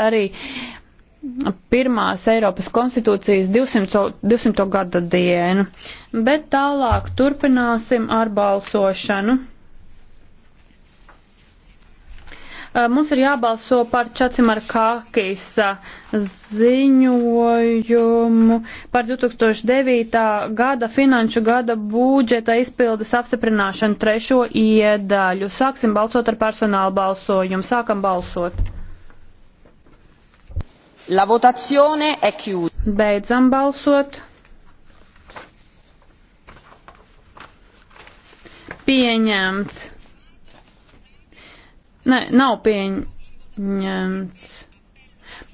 arī pirmās Eiropas konstitūcijas 200, 200. gada dienu. Bet tālāk turpināsim ar balsošanu. Mums ir jābalso par Čacimar Kākis ziņojumu par 2009. gada finanšu gada būdžeta izpildes apstiprināšanu trešo iedaļu. Sāksim balsot ar personālu balsojumu. Sākam balsot. La votazione è chiusa. Beidzam balsot. Pieņemts. Nē, nav pieņemts.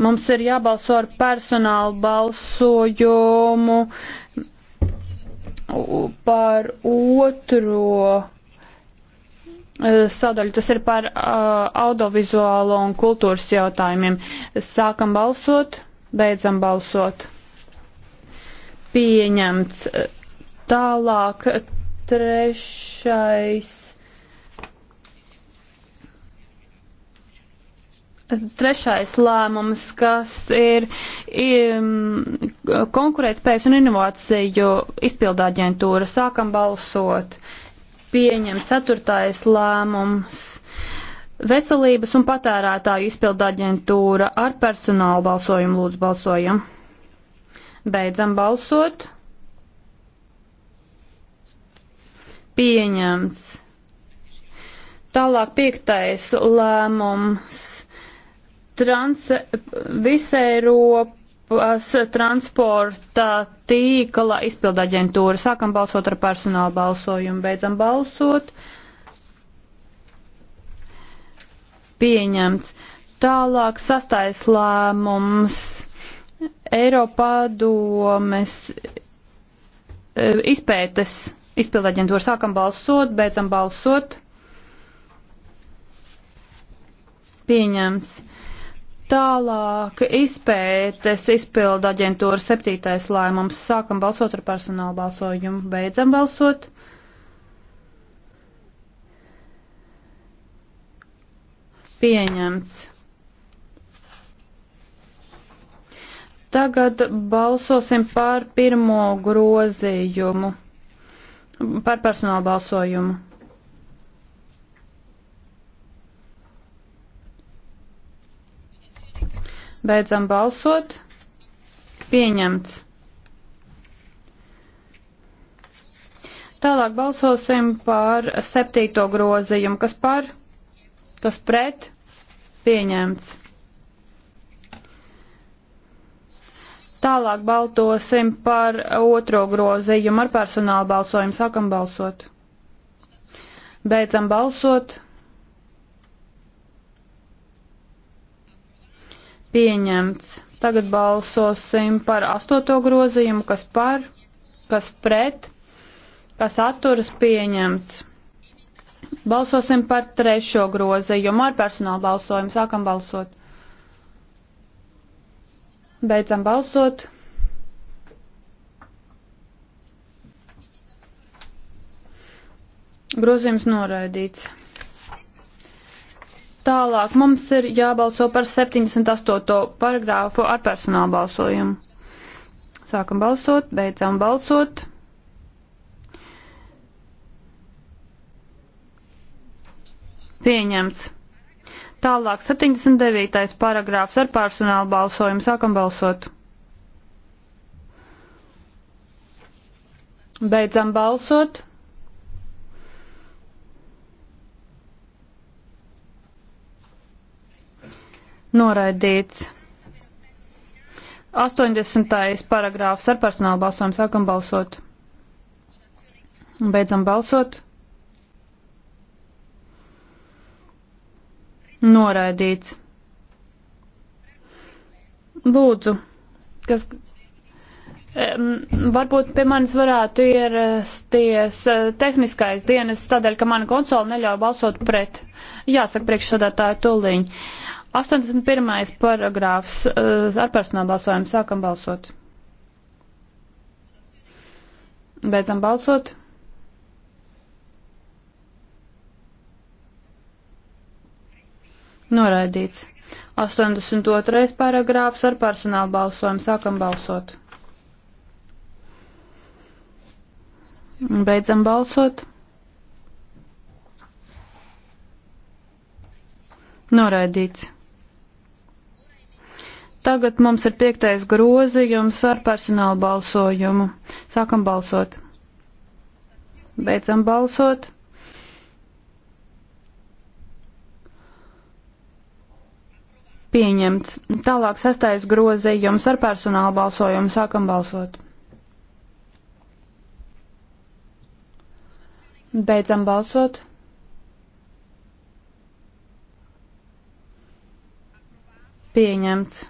Mums ir jābalso ar personālu balsojumu par otro sadaļu, tas ir par audiovizuālo un kultūras jautājumiem. Sākam balsot, beidzam balsot. Pieņemts. Tālāk trešais. Trešais lēmums, kas ir, ir konkurētspējas un inovāciju izpildāģentūra. Sākam balsot. Uh, pieņemts ceturtais lēmums. Veselības un patērētāju izpildu aģentūra ar personālu balsojumu lūdzu balsojam. Beidzam balsot. Pieņemts. Tālāk piektais lēmums. Trans visai ropa Eiropas transporta tīkla izpilda aģentūra. Sākam balsot ar personālu balsojumu, beidzam balsot. Pieņemts. Tālāk sastais lēmums. Eiropadomes e, izpētes izpilda aģentūra. Sākam balsot, beidzam balsot. Pieņemts. Tālāk izpētes izpilda aģentūra septītais lēmums. Sākam balsot ar personālu balsojumu, beidzam balsot. Pieņemts. Tagad balsosim par pirmo grozījumu, par personālu balsojumu. Beidzam balsot. Pieņemts. Tālāk balsosim par septīto grozījumu. Kas par? Kas pret? Pieņemts. Tālāk balsosim par otro grozījumu ar personālu balsojumu. Sākam balsot. Beidzam balsot. pieņemts. Tagad balsosim par astoto grozījumu, kas par, kas pret, kas atturas pieņemts. Balsosim par trešo grozījumu ar personālu balsojumu. Sākam balsot. Beidzam balsot. Grozījums noraidīts. Tālāk mums ir jābalso par 78. paragrāfu ar personālu balsojumu. Sākam balsot, beidzam balsot. Pieņemts. Tālāk 79. paragrāfs ar personālu balsojumu. Sākam balsot. Beidzam balsot. noraidīts. 80. paragrāfs ar personālu balsojumu sākam balsot. Un beidzam balsot. Noraidīts. Lūdzu, kas Varbūt pie manis varētu ierasties eh, tehniskais dienas, tādēļ, ka mana konsola neļauj balsot pret. Jāsaka, priekšsādātāja tuliņi. 81. paragrāfs eh, ar personālu balsojumu sākam balsot. Beidzam balsot. Noraidīts. 82. paragrāfs ar personālu balsojumu sākam balsot. Beidzam balsot. Noraidīts. Tagad mums ir piektais grozījums ar personālu balsojumu. Sākam balsot. Beidzam balsot. Pieņemts. Tālāk sastais grozījums ar personālu balsojumu. Sākam balsot. Beidzam balsot. Pieņemts.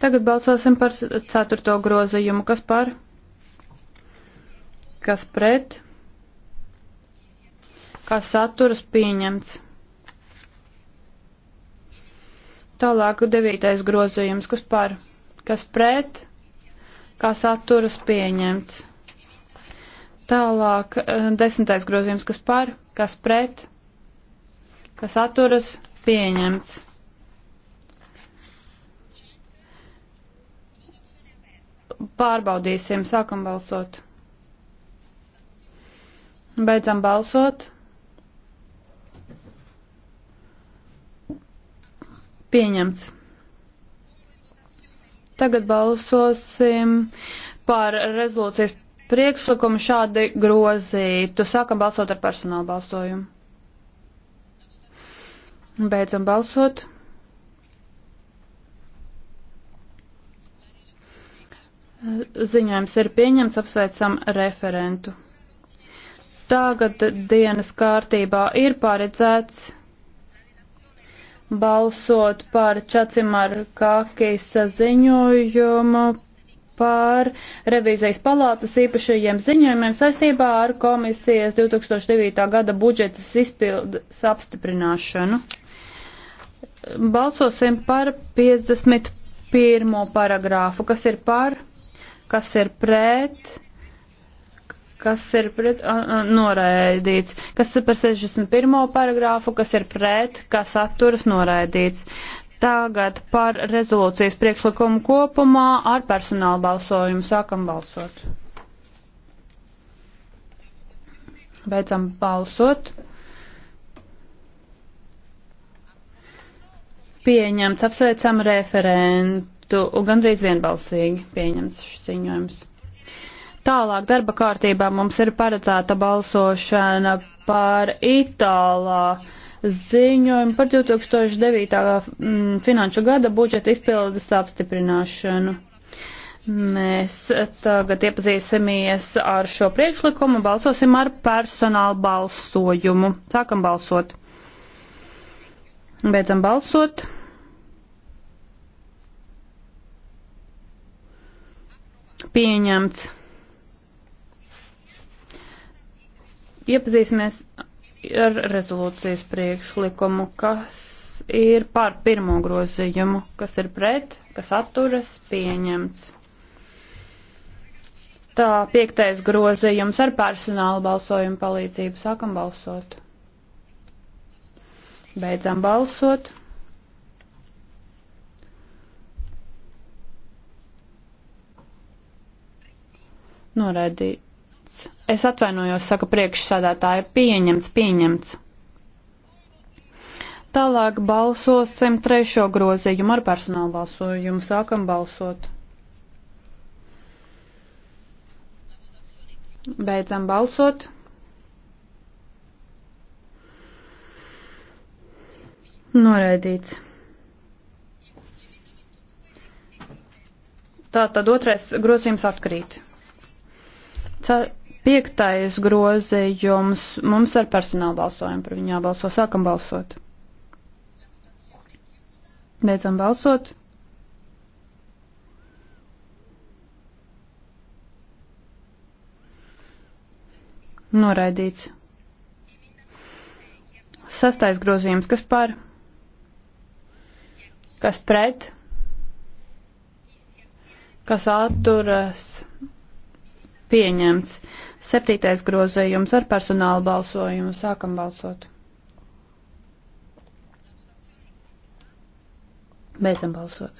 Tagad balsosim par ceturto grozījumu. Kas par? Kas pret? Kas saturas pieņemts? Tālāk devītais grozījums. Kas par? Kas pret? Kas saturas pieņemts? Tālāk eh, desmitais grozījums. Kas par? Kas pret? Kas saturas pieņemts? pārbaudīsim, sākam balsot. Beidzam balsot. Pieņemts. Tagad balsosim par rezolūcijas priekšlikumu šādi grozītu. Sākam balsot ar personālu balsojumu. Beidzam balsot. Ziņojums ir pieņemts, apsveicam referentu. Tagad dienas kārtībā ir paredzēts balsot par Čacimara Kākijas ziņojumu par revīzijas palātas īpašajiem ziņojumiem saistībā ar komisijas 2009. gada budžetas izpildes apstiprināšanu. Balsosim par 51. paragrāfu, kas ir par kas ir pret, kas ir pret, noraidīts, kas ir par 61. paragrāfu, kas ir pret, kas atturas noraidīts. Tagad par rezolūcijas priekšlikumu kopumā ar personālu balsojumu sākam balsot. Beidzam balsot. Pieņemts, apsveicam referentu tiktu gandrīz vienbalsīgi pieņemts šis ziņojums. Tālāk darba kārtībā mums ir paredzēta balsošana par Itālā ziņojumu par 2009. Mm, finanšu gada budžeta izpildes apstiprināšanu. Mēs tagad iepazīsimies ar šo priekšlikumu, balsosim ar personālu balsojumu. Sākam balsot. Beidzam balsot. Pieņemts. Iepazīsimies ar rezolūcijas priekšlikumu, kas ir par pirmo grozījumu, kas ir pret, kas atturas, pieņemts. Tā piektais grozījums ar personāla balsojumu palīdzību sākam balsot. Beidzam balsot. Noraidīts. Es atvainojos, saka priekšsādātāja, pieņemts, pieņemts. Tālāk balsosim trešo grozījumu ar personālu balsojumu. Sākam balsot. Beidzam balsot. Noraidīts. Tā tad otrais grozījums atkrīt. Piektais grozījums mums ar personālu balsojumu par viņu jābalso. Sākam balsot. Beidzam balsot. Noraidīts. Sastais grozījums, kas par? Kas pret? Kas atturas? pieņemts. Septītais grozījums ar personālu balsojumu. Sākam balsot. Beidzam balsot.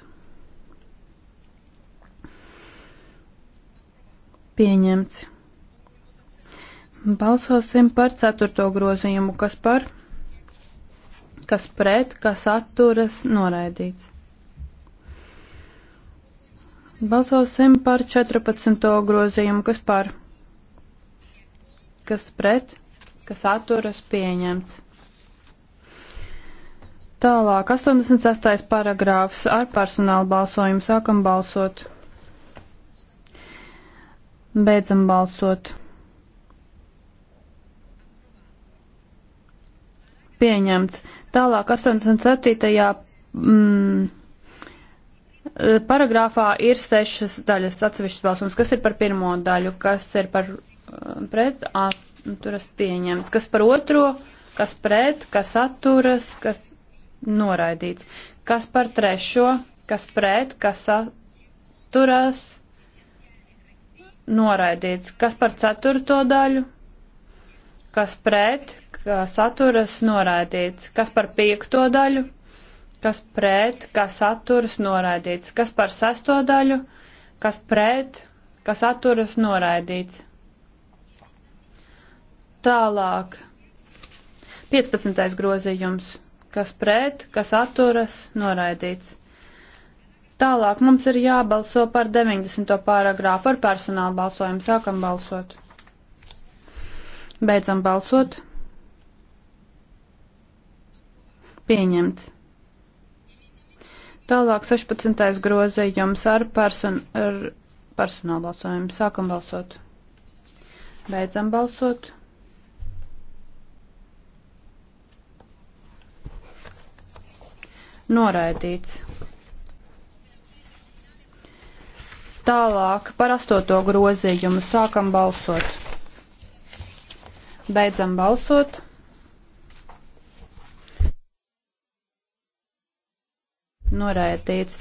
Pieņemts. Balsosim par ceturto grozījumu, kas par, kas pret, kas atturas, noraidīts. Balsosim par 14. grozījumu, kas par, kas pret, kas atturas pieņemts. Tālāk, 86. paragrāfs ar personālu balsojumu sākam balsot. Beidzam balsot. Pieņemts. Tālāk, 87. Mm, Eh, paragrāfā ir sešas daļas atsevišķas balsums, kas ir par pirmo daļu, kas ir par eh, pret, atturas pieņems, kas par otro, kas pret, kas atturas, kas noraidīts, kas par trešo, kas pret, kas atturas, noraidīts, kas par ceturto daļu, kas pret, kas atturas, noraidīts, kas par piekto daļu, kas pret, kas atturas noraidīts, kas par sesto daļu, kas pret, kas atturas noraidīts. Tālāk. 15. grozījums. Kas pret, kas atturas, noraidīts. Tālāk mums ir jābalso par 90. pāragrāfu ar personālu balsojumu. Sākam balsot. Beidzam balsot. Pieņemts. Tālāk 16. grozījums ar, person, ar personālu balsojumu. Sākam balsot. Beidzam balsot. Noraidīts. Tālāk par astoto grozījumu sākam balsot. Beidzam balsot. Noraidīts.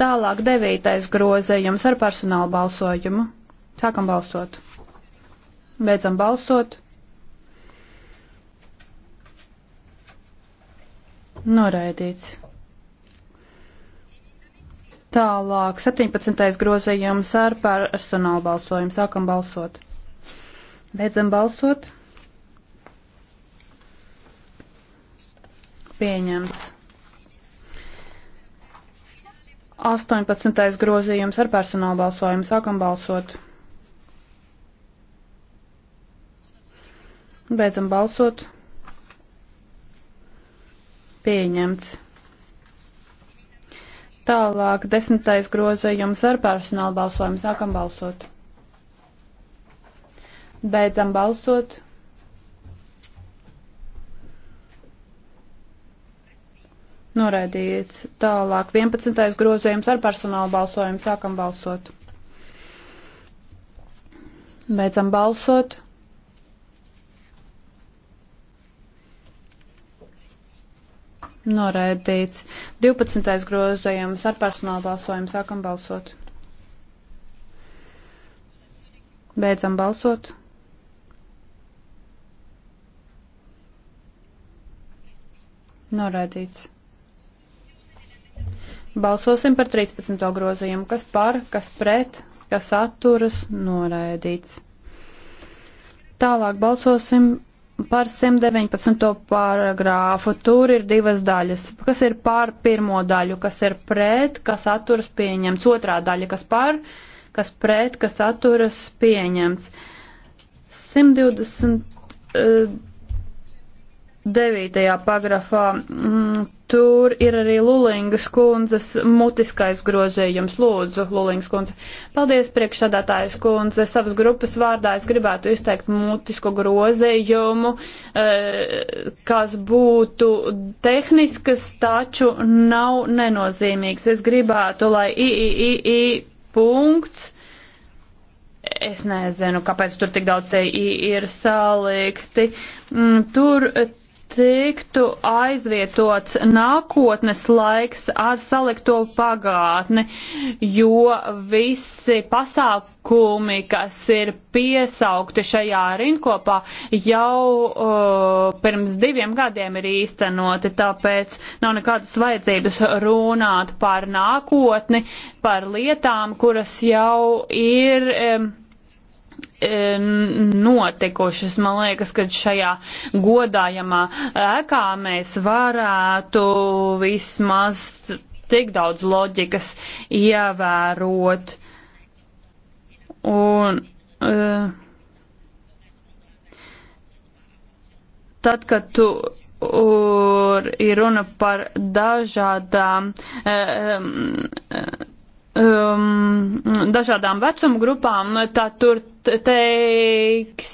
Tālāk devītais grozējums ar personālu balsojumu. Sākam balsot. Beidzam balsot. Noraidīts. Tālāk 17. grozījums ar personālu balsojumu. Sākam balsot. Beidzam balsot. Pieņemts. 18. grozījums ar personālu balsojumu. Sākam balsot. Beidzam balsot. Pieņemts. Tālāk, desmitais grozījums ar personālu balsojumu. Sākam balsot. Beidzam balsot. Noraidīts. Tālāk 11. grozījums ar personālu balsojumu. Sākam balsot. Beidzam balsot. Noraidīts. 12. grozījums ar personālu balsojumu. Sākam balsot. Beidzam balsot. Noraidīts. Balsosim par 13. grozījumu. Kas par, kas pret, kas atturas, noraidīts. Tālāk balsosim par 119. paragrāfu. Tur ir divas daļas. Kas ir par pirmo daļu, kas ir pret, kas atturas pieņemts. Otrā daļa, kas par, kas pret, kas atturas pieņemts. 129. Eh, paragrafā. Mm, Tur ir arī Lulingas kundzes mutiskais grozījums. Lūdzu, Lulingas kundze. Paldies, priekšsādātājas kundze. Savas grupas vārdā es gribētu izteikt mutisko grozījumu, eh, kas būtu tehniskas, taču nav nenozīmīgs. Es gribētu, lai III punkts. Es nezinu, kāpēc tur tik daudz te ir salikti. Mm, tur tiktu aizvietots nākotnes laiks ar salikto pagātni, jo visi pasākumi, kas ir piesaukti šajā rinkopā, jau uh, pirms diviem gadiem ir īstenoti, tāpēc nav nekādas vajadzības runāt par nākotni, par lietām, kuras jau ir. Um, Um, notikušas. Man liekas, ka šajā godājamā ēkā mēs varētu vismaz tik daudz loģikas ievērot. Un, uh, tad, kad tu uh, ir runa par dažādām uh, um, uh um, dažādām vecuma grupām, tad tur teiks,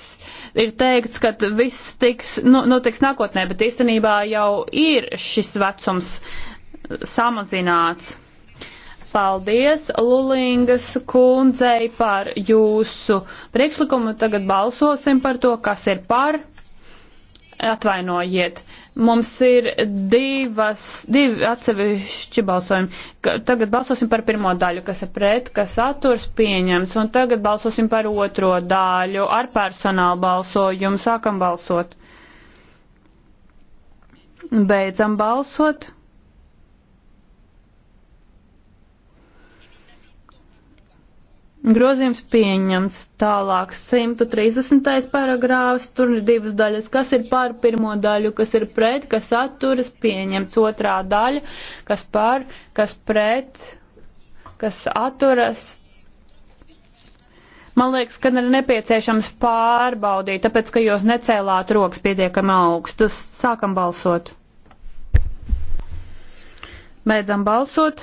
ir teikts, ka viss tiks, nu, notiks nākotnē, bet īstenībā jau ir šis vecums samazināts. Paldies Lulingas kundzei par jūsu priekšlikumu. Tagad balsosim par to, kas ir par, Atvainojiet, mums ir divas, divi atsevišķi balsojumi. Tagad balsosim par pirmo daļu, kas ir pret, kas atturs pieņems, un tagad balsosim par otro daļu ar personālu balsojumu. Sākam balsot. Beidzam balsot. Grozījums pieņemts tālāk 130. paragrāfs, tur ir divas daļas, kas ir par pirmo daļu, kas ir pret, kas atturas, pieņemts otrā daļa, kas par, kas pret, kas atturas. Man liekas, ka ir nepieciešams pārbaudīt, tāpēc, ka jūs necēlāt rokas pietiekami augstus. Sākam balsot. Beidzam balsot.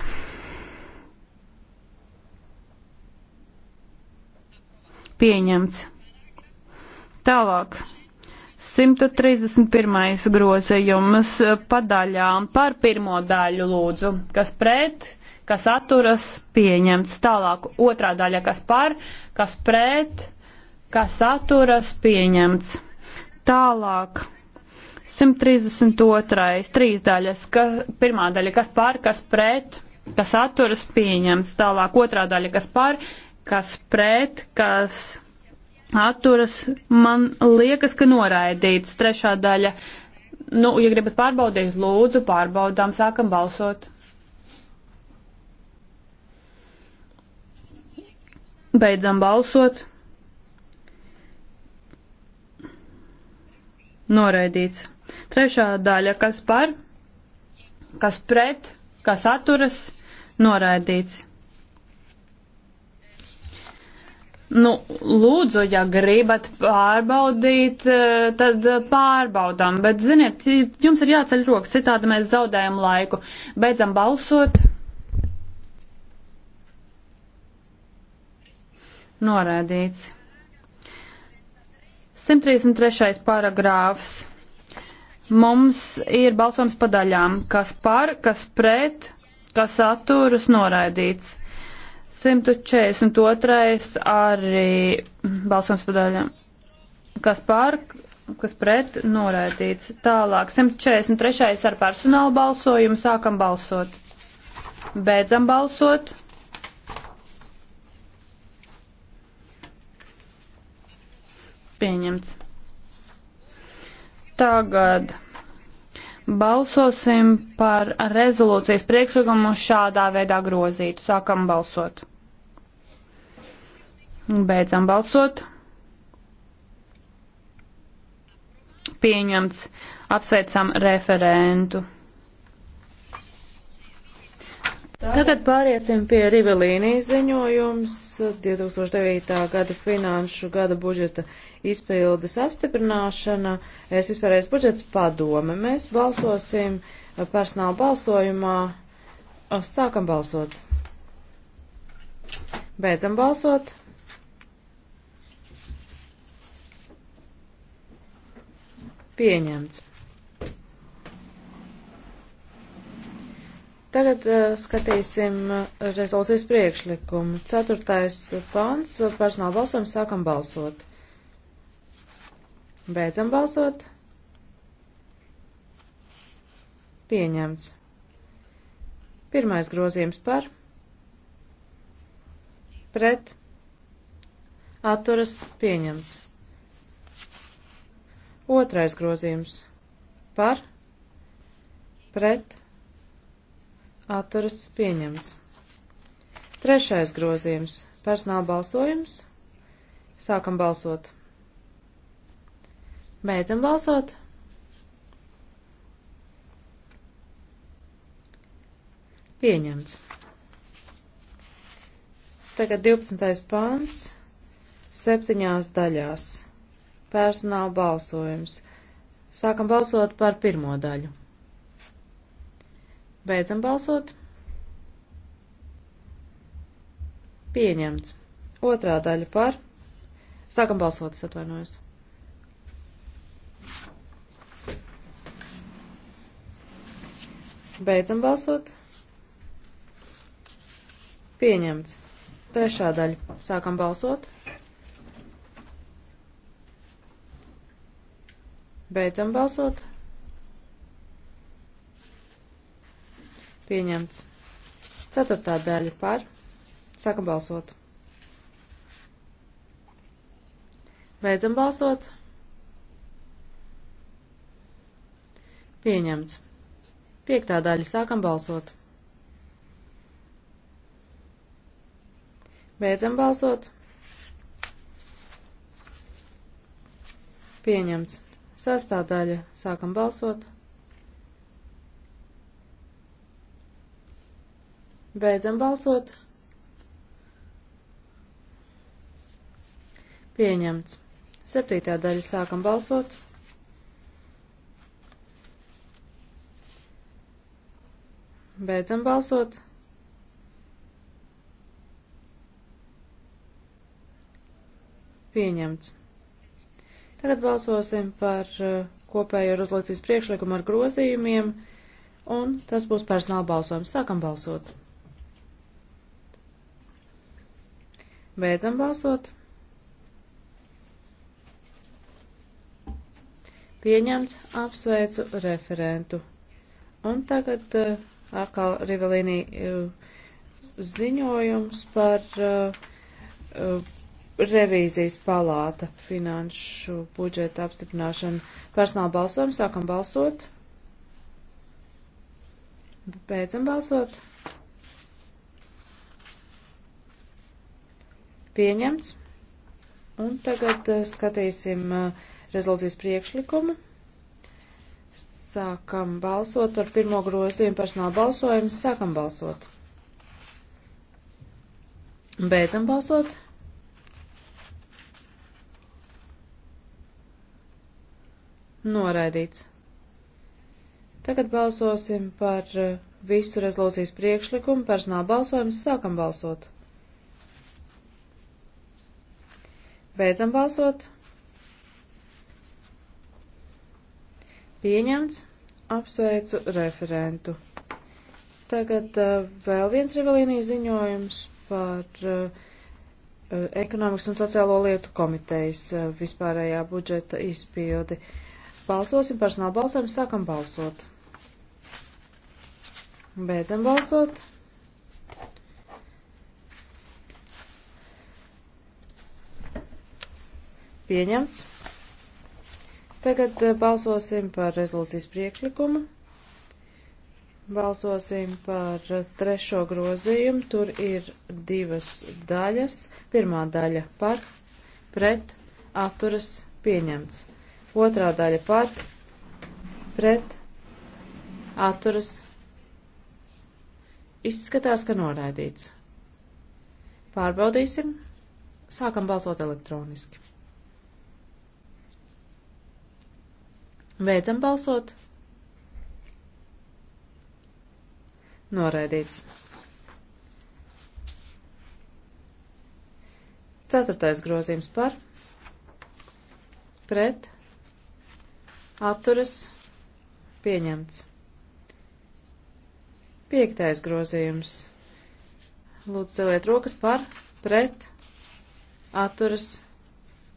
pieņemts. Tālāk. 131. grozījums padaļām par pirmo daļu lūdzu, kas pret, kas atturas, pieņemts. Tālāk otrā daļa, kas par, kas pret, kas atturas, pieņemts. Tālāk 132. trīs daļas, ka, pirmā daļa, kas par, kas pret, kas atturas, pieņemts. Tālāk otrā daļa, kas par, kas pret, kas atturas, man liekas, ka noraidīts trešā daļa. Nu, ja gribat pārbaudīt, lūdzu, pārbaudām, sākam balsot. Beidzam balsot. Noraidīts. Trešā daļa, kas par, kas pret, kas atturas, noraidīts. Nu, lūdzu, ja gribat pārbaudīt, eh, tad pārbaudām, bet, ziniet, jums ir jāceļ rokas, citādi mēs zaudējam laiku. Beidzam balsot. Norēdīts. 133. paragrāfs. Mums ir balsojums pa daļām, kas par, kas pret, kas atturas, noraidīts. 142. arī balsojums padaļam. Kas pār, kas pret, noraidīts. Tālāk, 143. ar personālu balsojumu sākam balsot. Beidzam balsot. Pieņemts. Tagad Balsosim par rezolūcijas priekšlikumu šādā veidā grozītu. Sākam balsot. Beidzam balsot. Pieņemts. Apsveicam referentu. Tagad pāriesim pie Rivelīnijas ziņojums 2009. gada finanšu gada budžeta izpildes apstiprināšana. Es vispārējais budžets padome. Mēs balsosim personāla balsojumā. Sākam balsot. Beidzam balsot. Pieņemts. Tagad uh, skatīsim uh, rezolūcijas priekšlikumu. Ceturtais pants uh, - personāla balsojums. Sākam balsot. Beidzam balsot. Pieņemts. Pirmais grozījums par. Pret. Atturas pieņemts. Otrais grozījums par. Pret atturas pieņemts. Trešais grozījums - personāla balsojums. Sākam balsot. Beidzam balsot. Pieņemts. Tagad 12. pāns septiņās daļās. Personāla balsojums. Sākam balsot par pirmo daļu. Beidzam balsot. Pieņemts. Otrā daļa par. Sākam balsot, es atvainojos. Beidzam balsot. Pieņemts. Trešā daļa. Sākam balsot. Beidzam balsot. Pieņemts. Ceturtā daļa par. Sākam balsot. Beidzam balsot. Pieņemts. Piektā daļa. Sākam balsot. Beidzam balsot. Pieņemts. Sastādaļa. Sākam balsot. Beidzam balsot. Pieņemts. Septītā daļa sākam balsot. Beidzam balsot. Pieņemts. Tagad balsosim par uh, kopējo rezolūcijas priekšlikumu ar grozījumiem, un tas būs personāla balsojums. Sākam balsot. Beidzam balsot. Pieņemts, apsveicu referentu. Un tagad uh, atkal Rivelīnī uh, ziņojums par uh, uh, revīzijas palāta finanšu budžeta apstiprināšanu. Personāla balsojumu sākam balsot. Beidzam balsot. pieņemts. Un tagad eh, skatīsim eh, rezolūcijas priekšlikumu. Sākam balsot par pirmo grozījumu personāla balsojumu. Sākam balsot. Beidzam balsot. Noraidīts. Tagad balsosim par eh, visu rezolūcijas priekšlikumu. Personāla balsojumu. Sākam balsot. Beidzam balsot. Pieņemts. Apsveicu referentu. Tagad uh, vēl viens Rivalīnijas ziņojums par uh, uh, ekonomikas un sociālo lietu komitejas uh, vispārējā budžeta izpildi. Balsosim personāla balsojumu, sākam balsot. Beidzam balsot. Pieņemts. Tagad eh, balsosim par rezolūcijas priekšlikumu. Balsosim par eh, trešo grozījumu. Tur ir divas daļas. Pirmā daļa par, pret, atturas, pieņemts. Otrā daļa par, pret, atturas. Izskatās, ka noraidīts. Pārbaudīsim. Sākam balsot elektroniski. Beidzam balsot. Noraidīts. Ceturtais grozījums par, pret, atturas, pieņemts. Piektais grozījums. Lūdzu, celiet rokas par, pret, atturas,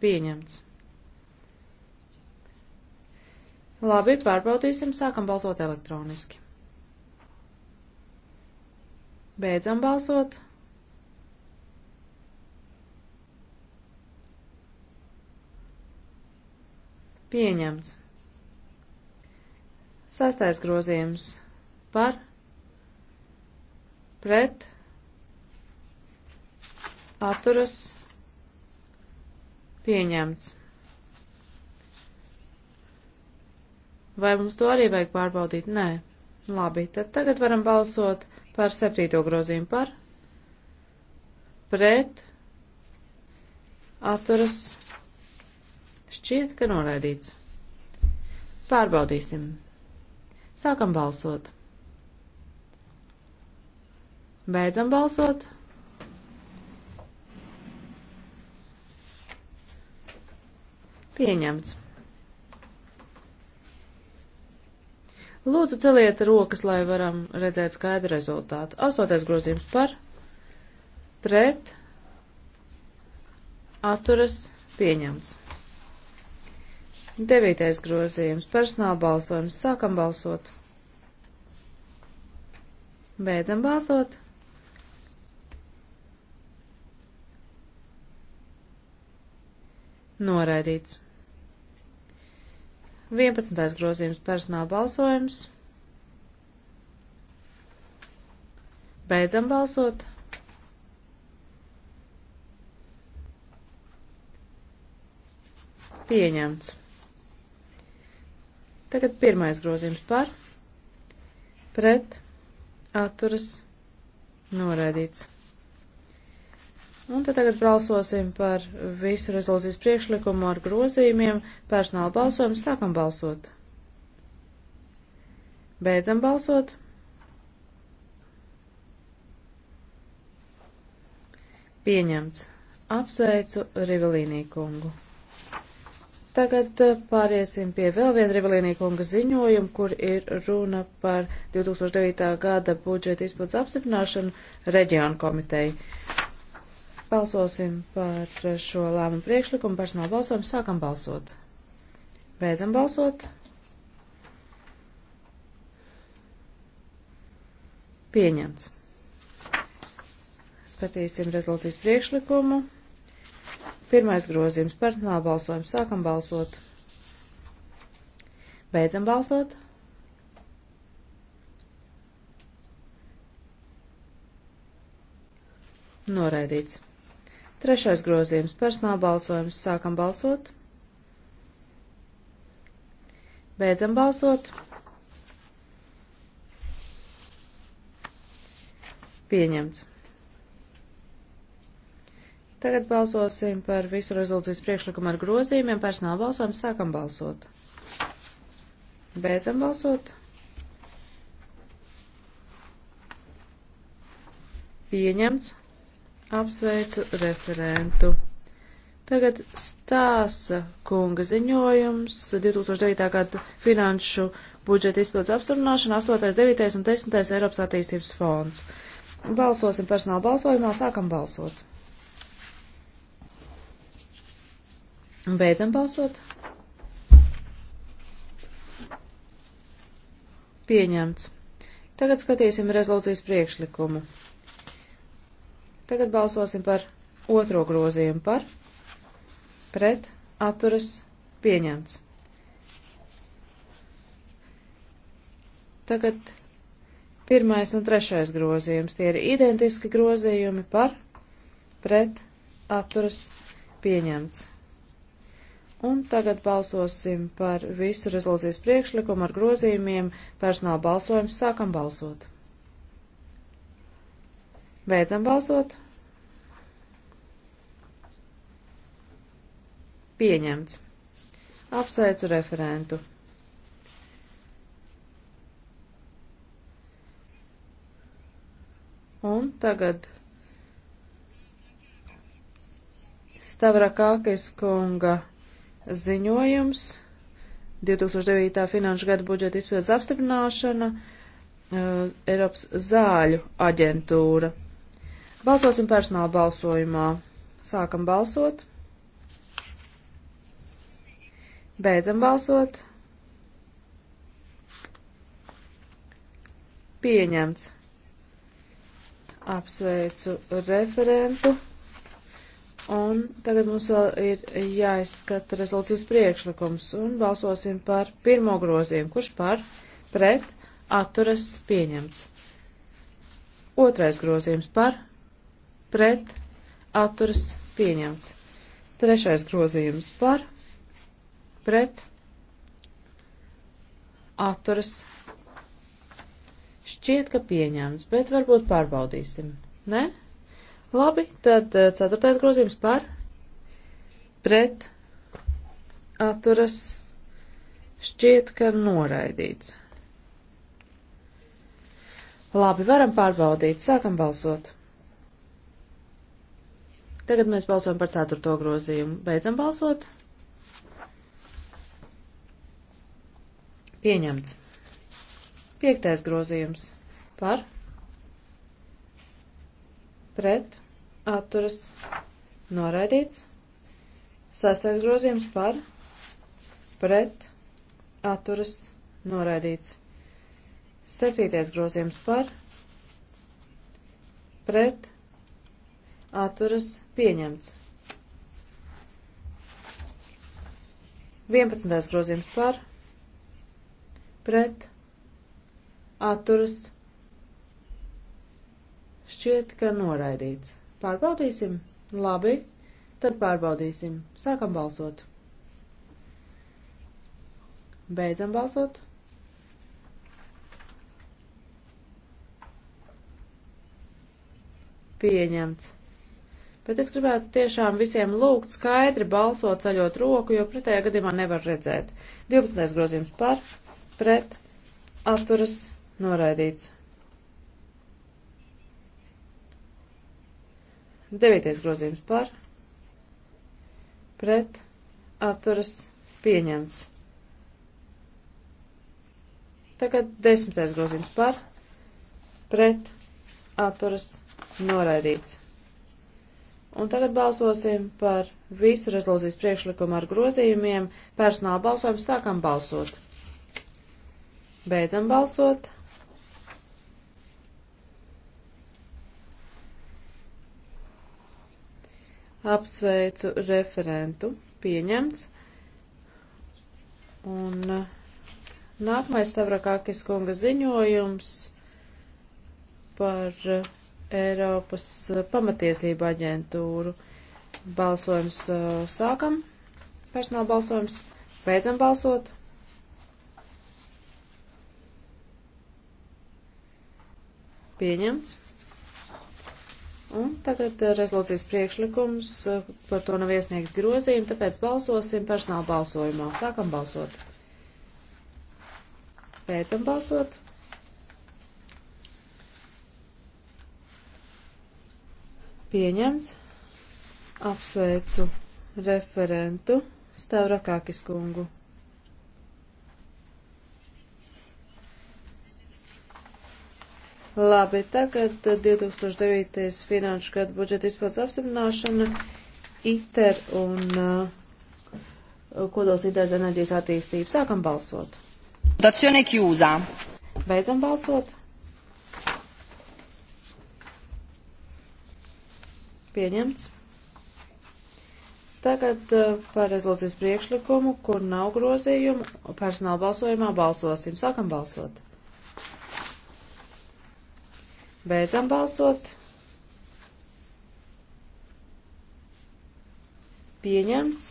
pieņemts. Labi, pārbaudīsim, sākam balsot elektroniski. Beidzam balsot. Pieņemts. Sastais grozījums par, pret, atturas, pieņemts. Vai mums to arī vajag pārbaudīt? Nē. Labi, tad tagad varam balsot par septīto grozījumu par, pret, atturas, šķiet, ka noraidīts. Pārbaudīsim. Sākam balsot. Beidzam balsot. Pieņemts. Lūdzu, celiet rokas, lai varam redzēt skaidru rezultātu. Astotais grozījums par, pret, atturas, pieņemts. Devītais grozījums - personāla balsojums. Sākam balsot. Beidzam balsot. Noraidīts. 11. grozījums personāla balsojums. Beidzam balsot. Pieņemts. Tagad pirmais grozījums par, pret, atturas, noraidīts. Un tad tagad balsosim par visu rezolūcijas priekšlikumu ar grozījumiem. Personāla balsojumu sākam balsot. Beidzam balsot. Pieņemts. Apsveicu Rivelīnī kungu. Tagad eh, pāriesim pie vēl viena Rivelīnī kunga ziņojuma, kur ir runa par 2009. gada budžeta izpildes apstiprināšanu reģionu komiteju. Balsosim par šo lēmumu priekšlikumu, personāla balsojumu, sākam balsot. Beidzam balsot. Pieņemts. Skatīsim rezolūcijas priekšlikumu. Pirmais grozījums personāla balsojumu, sākam balsot. Beidzam balsot. Noraidīts. Trešais grozījums - personāla balsojums. Sākam balsot. Beidzam balsot. Pieņemts. Tagad balsosim par visu rezolūcijas priekšlikumu ar grozījumiem. Personāla balsojums. Sākam balsot. Beidzam balsot. Pieņemts. Apsveicu referentu. Tagad stāsta kunga ziņojums 2009. gada finanšu budžeta izpildes apstiprināšana 8., 9. un 10. Eiropas attīstības fonds. Balsosim personāla balsojumā, sākam balsot. Un beidzam balsot. Pieņemts. Tagad skatīsim rezolūcijas priekšlikumu. Tagad balsosim par otro grozījumu par pret atturas pieņemts. Tagad pirmais un trešais grozījums. Tie ir identiski grozījumi par pret atturas pieņemts. Un tagad balsosim par visu rezolūcijas priekšlikumu ar grozījumiem. Personāla balsojums sākam balsot. Beidzam balsot. Pieņemts. Apsveicu referentu. Un tagad Stavrakākais kunga ziņojums 2009. finanšu gada budžeta izpildes apstiprināšana uh, Eiropas zāļu aģentūra. Balsosim personāla balsojumā. Sākam balsot. Beidzam balsot. Pieņemts. Apsveicu referentu. Un tagad mums vēl ir jāizskata rezolūcijas priekšlikums un balsosim par pirmo grozījumu, kurš par pret atturas pieņemts. Otrais grozījums par pret atturas pieņemts. Trešais grozījums par pret atturas šķiet, ka pieņemts, bet varbūt pārbaudīsim. Ne? Labi, tad eh, ceturtais grozījums par pret atturas šķiet, ka noraidīts. Labi, varam pārbaudīt. Sākam balsot. Tagad mēs balsojam par ceturto grozījumu. Beidzam balsot. Pieņemts. Piektais grozījums. Par. Pret. Atturas. Noraidīts. Sastais grozījums par. Pret. Atturas. Noraidīts. Septītais grozījums par. Pret atturas pieņemts. 11. grozījums par, pret, atturas, šķiet, ka noraidīts. Pārbaudīsim? Labi, tad pārbaudīsim. Sākam balsot. Beidzam balsot. Pieņemts. Bet es gribētu tiešām visiem lūgt skaidri balsot ceļot roku, jo pretējā gadījumā nevar redzēt. 12. grozījums par, pret, atturas, noraidīts. 9. grozījums par, pret, atturas, pieņemts. Tagad 10. grozījums par, pret, atturas, noraidīts. Un tagad balsosim par visu rezolūcijas priekšlikumu ar grozījumiem. Personāla balsojums sākam balsot. Beidzam balsot. Apsveicu referentu. Pieņemts. Un uh, nākamais Tavrakakis kunga ziņojums par Eiropas eh, pamatiesību aģentūru. Balsojums eh, sākam, personāla balsojums, beidzam balsot. Pieņemts. Un tagad eh, rezolūcijas priekšlikums, par to nav iesniegt grozījumi, tāpēc balsosim personāla balsojumā. Sākam balsot. Beidzam balsot. Pieņemts. Apsveicu referentu Stavrakakis kungu. Labi, tagad 2009. finanšu gadu budžeta izpildes apstiprināšana, ITER un uh, kodols idejas enerģijas attīstība. Sākam balsot. Dacione Kjūzā. Beidzam balsot. Pieņemts. Tagad uh, par rezolūcijas priekšlikumu, kur nav grozījumu, personāla balsojumā balsosim. Sākam balsot. Beidzam balsot. Pieņemts.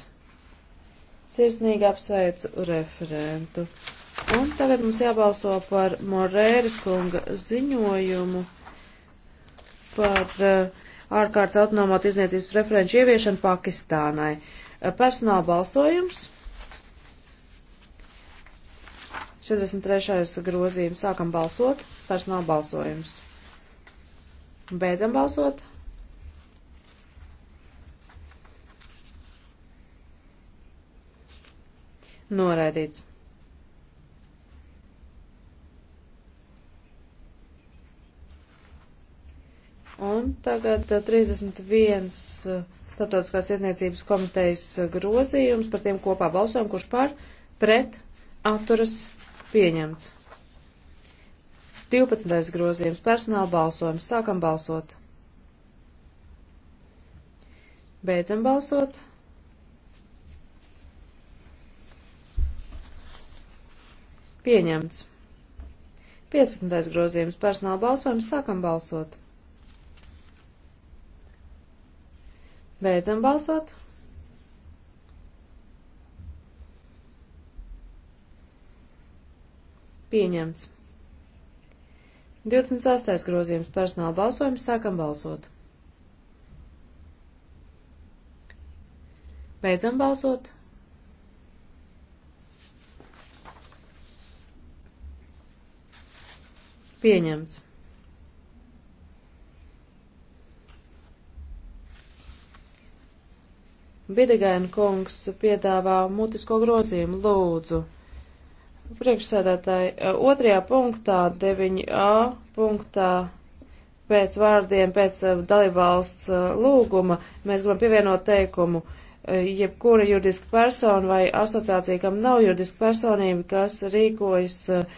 Sirsnīgi apsveicu referentu. Un tagad mums jābalso par Morēras kunga ziņojumu par uh, ārkārtas autonomā tirzniecības preferenču ieviešanu Pakistānai. Eh, personāla balsojums. 43. grozījums. Sākam balsot. Personāla balsojums. Beidzam balsot. Noraidīts. Un tagad 31 eh, eh, starptautiskās tiesniecības komitejas eh, grozījums par tiem kopā balsojam, kurš par pret atturas pieņemts. 12. grozījums personāla balsojums. Sākam balsot. Beidzam balsot. Pieņemts. 15. grozījums personāla balsojums. Sākam balsot. Beidzam balsot. Pieņemts. 28. grozījums personāla balsojums. Sākam balsot. Beidzam balsot. Pieņemts. Bidegēna kungs piedāvā mutisko grozījumu lūdzu. Priekšsēdētāji, e, otrajā punktā, 9a punktā, pēc vārdiem, pēc e, dalībvalsts e, lūguma, mēs gribam pievienot teikumu, jebkura juridiska persona vai asociācija, kam nav juridiska personība, kas rīkojas uh,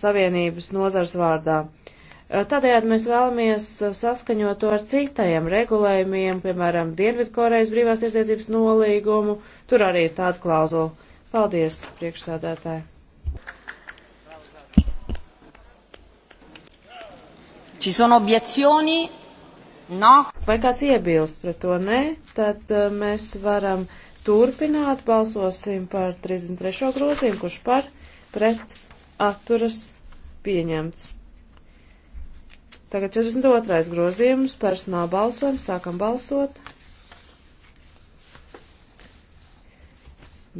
savienības nozars vārdā. Uh, Tādējādi mēs vēlamies saskaņot to ar citajiem regulējumiem, piemēram, Dienvidkorejas brīvās iesaistības nolīgumu. Tur arī ir tāda klauzula. Paldies, priekšsādātāji! Ci sono obiezioni? No. Vai kāds iebilst pret to? Nē, tad uh, mēs varam turpināt, balsosim par 33. grozījumu, kurš par pret atturas pieņemts. Tagad 42. grozījums, personāla balsojums, sākam balsot.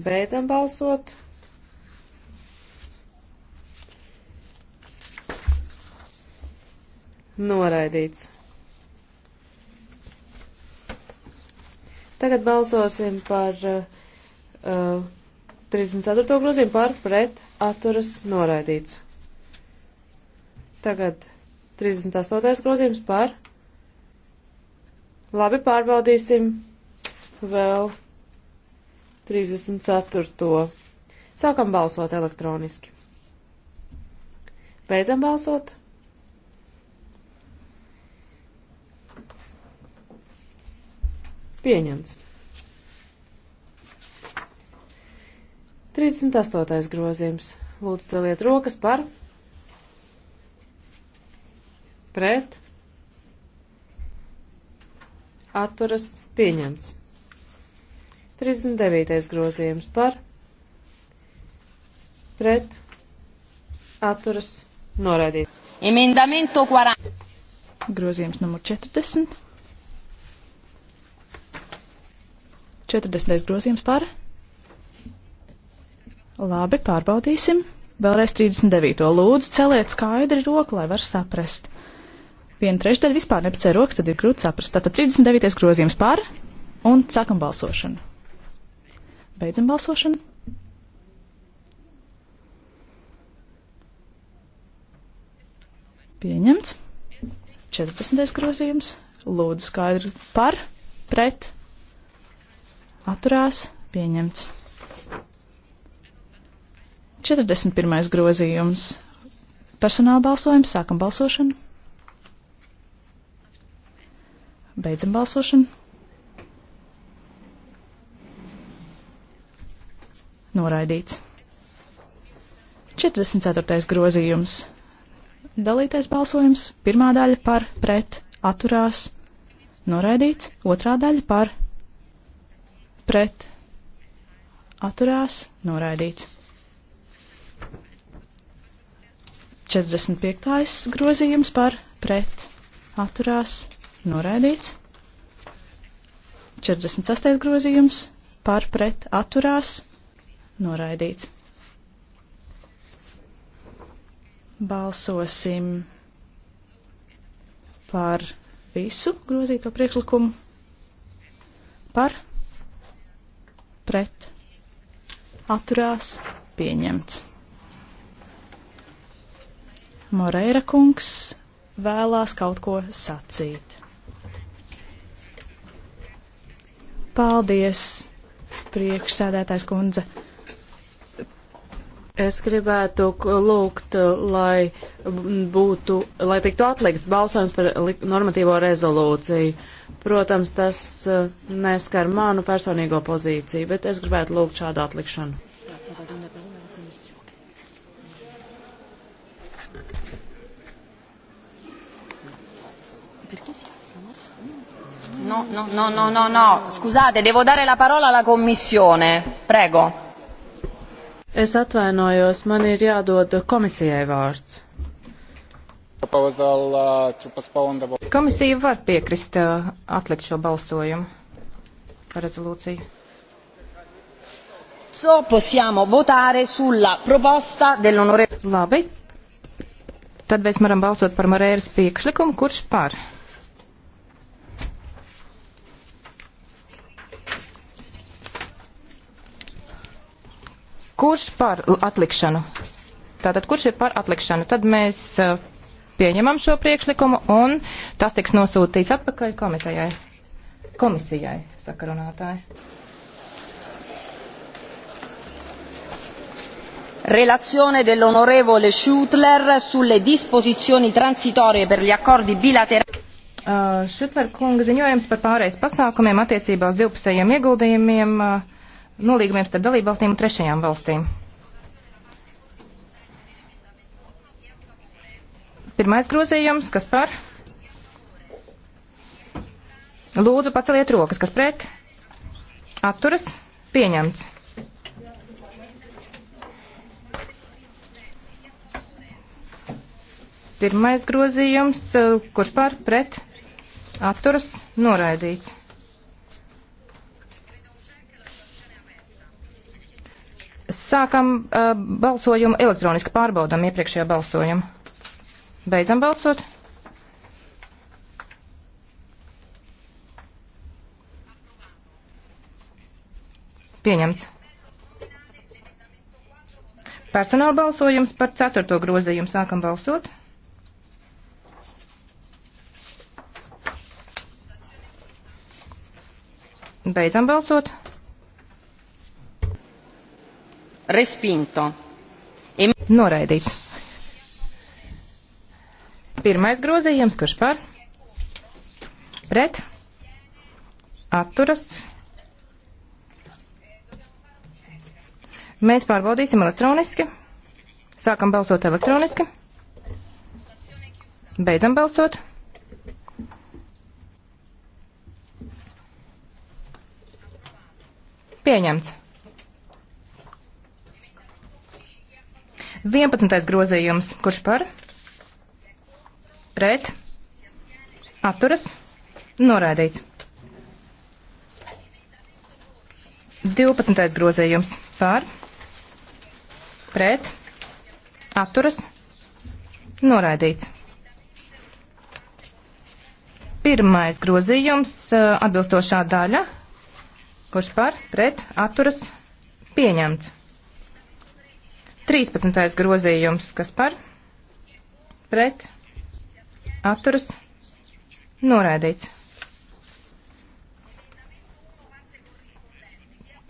Beidzam balsot. Noraidīts. Tagad balsosim par uh, 34. Uh, grozījumu par pret atturas noraidīts. Tagad 38. grozījums par. Labi, pārbaudīsim vēl 34. Sākam balsot elektroniski. Beidzam balsot. Pieņemts. 38. grozījums. Lūdzu, celiet rokas par pret, atturas pieņemts. 39. grozījums par, pret, atturas noraidīt. Emendamento 40. Grozījums numur 40. 40. grozījums par. Labi, pārbaudīsim. Vēlreiz 39. Lūdzu, celiet skaidri roku, lai var saprast viena trešdaļa vispār nepacē rokas, tad ir grūti saprast. Tātad 39. grozījums par un sākam balsošanu. Beidzam balsošanu. Pieņemts. 14. grozījums. Lūdzu skaidru par, pret, atturās, pieņemts. 41. grozījums. Personāla balsojums, sākam balsošanu. Beidzam balsošanu. Noraidīts. 44. grozījums. Dalītais balsojums. Pirmā daļa par pret atturās. Noraidīts. Otrā daļa par pret atturās. Noraidīts. 45. grozījums par pret atturās noraidīts. 46. grozījums par pret atturās noraidīts. Balsosim par visu grozīto priekšlikumu par pret atturās pieņemts. Moreira kungs vēlās kaut ko sacīt. Paldies, priekšsēdētājs kundze. Es gribētu lūgt, lai būtu, lai tiktu atlikts balsojums par normatīvo rezolūciju. Protams, tas eh, neskar manu personīgo pozīciju, bet es gribētu lūgt šādu atlikšanu. No, no, no, no, no, no, scusate, devo dare la parola alla Commissione. Prego. Es atvainojos, man ir jādod komisijai vārds. Komisija var piekrist eh, atlikt šo balsojumu par rezolūciju. So possiamo votare sulla proposta dell'onorevole. Labi. Tad mēs varam balsot par Morēras priekšlikumu, kurš par. Kurš par atlikšanu? Tātad, kurš ir par atlikšanu? Tad mēs uh, pieņemam šo priekšlikumu un tas tiks nosūtīts atpakaļ komitejai. Komisijai, saka runātāji. Relazione dell'onorevole Schutler sulle disposizioni transitorie per gli accordi bilaterali. Uh, eh, Šutver kunga ziņojums par pārējais pasākumiem attiecībā uz divpusējiem ieguldījumiem. Uh, nolīgumiem starp dalībvalstīm un trešajām valstīm. Pirmais grozījums, kas par? Lūdzu, paceliet rokas, kas pret? Atturas? Pieņemts. Pirmais grozījums, eh, kurš par? Pret? Atturas? Noraidīts. Sākam uh, balsojumu elektroniski pārbaudam iepriekšējo balsojumu. Beidzam balsot. Pieņemts. Personāla balsojums par ceturto grozījumu. Sākam balsot. Beidzam balsot. Respinto. Em... Noraidīts. Pirmais grozījums, kurš par? Pret? Atturas? Mēs pārbaudīsim elektroniski. Sākam balsot elektroniski. Beidzam balsot. Pieņemts. 11. grozījums, kurš par? Pret? Atturas? Noraidīts. 12. grozījums par, pret, atturas, noraidīts. Pirmais grozījums eh, atbilstošā daļa, kurš par, pret, atturas, pieņemts. 13. grozījums, kas par pret atturas noraidīts.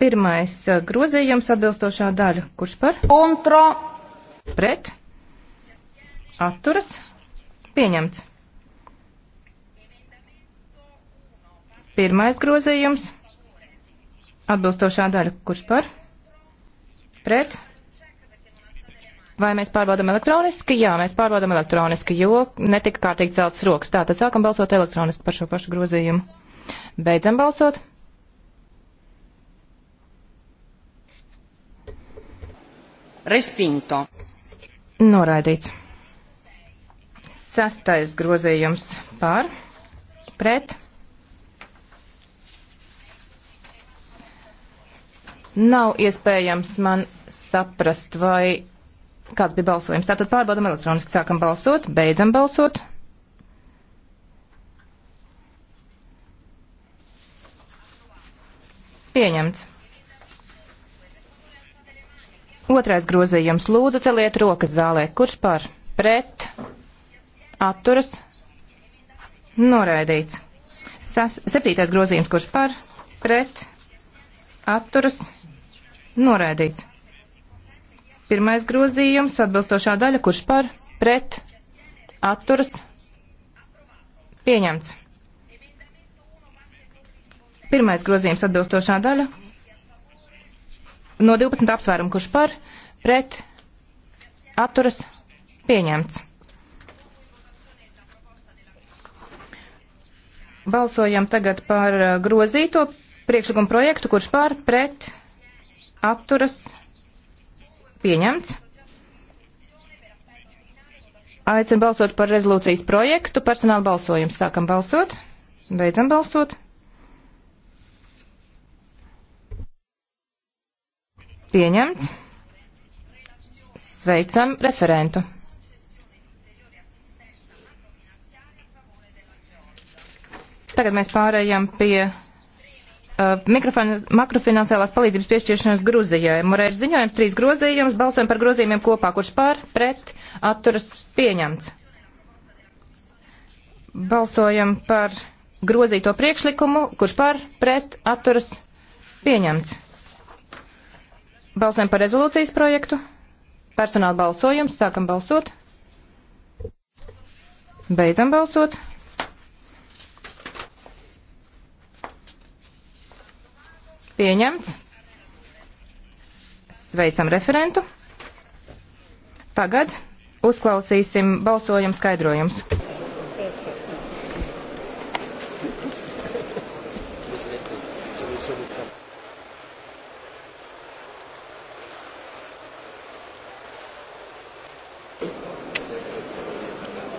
Pirmais uh, grozījums atbilstošā daļa. Kurš par? Kontro. Pret. Atturas. Pieņemts. Pirmais grozījums. Atbilstošā daļa. Kurš par? Pret. Vai mēs pārbaudam elektroniski? Jā, mēs pārbaudam elektroniski, jo netika kārtīgi celtas rokas. Tātad sākam balsot elektroniski par šo pašu grozījumu. Beidzam balsot. Respinto. Noraidīts. Sastais grozījums pār, pret. Nav iespējams man saprast, vai Kāds bija balsojums? Tātad pārbaudam elektroniski. Sākam balsot, beidzam balsot. Pieņemts. Otrais grozījums. Lūdzu, celiet rokas zālē. Kurš par? Pret? Atturas? Noraidīts. Sas, septītais grozījums. Kurš par? Pret? Atturas? Noraidīts. Pirmais grozījums, atbilstošā daļa, kurš par, pret, atturas, pieņemts. Pirmais grozījums, atbilstošā daļa, no 12 apsvērumu, kurš par, pret, atturas, pieņemts. Balsojam tagad par uh, grozīto priekšlikumu projektu, kurš par, pret, atturas, pieņemts Pieņemts. Aicinu balsot par rezolūcijas projektu. Personāla balsojums. Sākam balsot. Beidzam balsot. Pieņemts. Sveicam referentu. Tagad mēs pārējām pie Eh, makrofinansiālās palīdzības piešķiršanas Gruzijai. Morērs ziņojums, trīs grozījums, balsojam par grozījumiem kopā, kurš pār, pret, atturas pieņemts. Balsojam par grozīto priekšlikumu, kurš pār, pret, atturas pieņemts. Balsojam par rezolūcijas projektu. Personāla balsojums, sākam balsot. Beidzam balsot. Pieņemts. Sveicam referentu. Tagad uzklausīsim balsojumu skaidrojumus.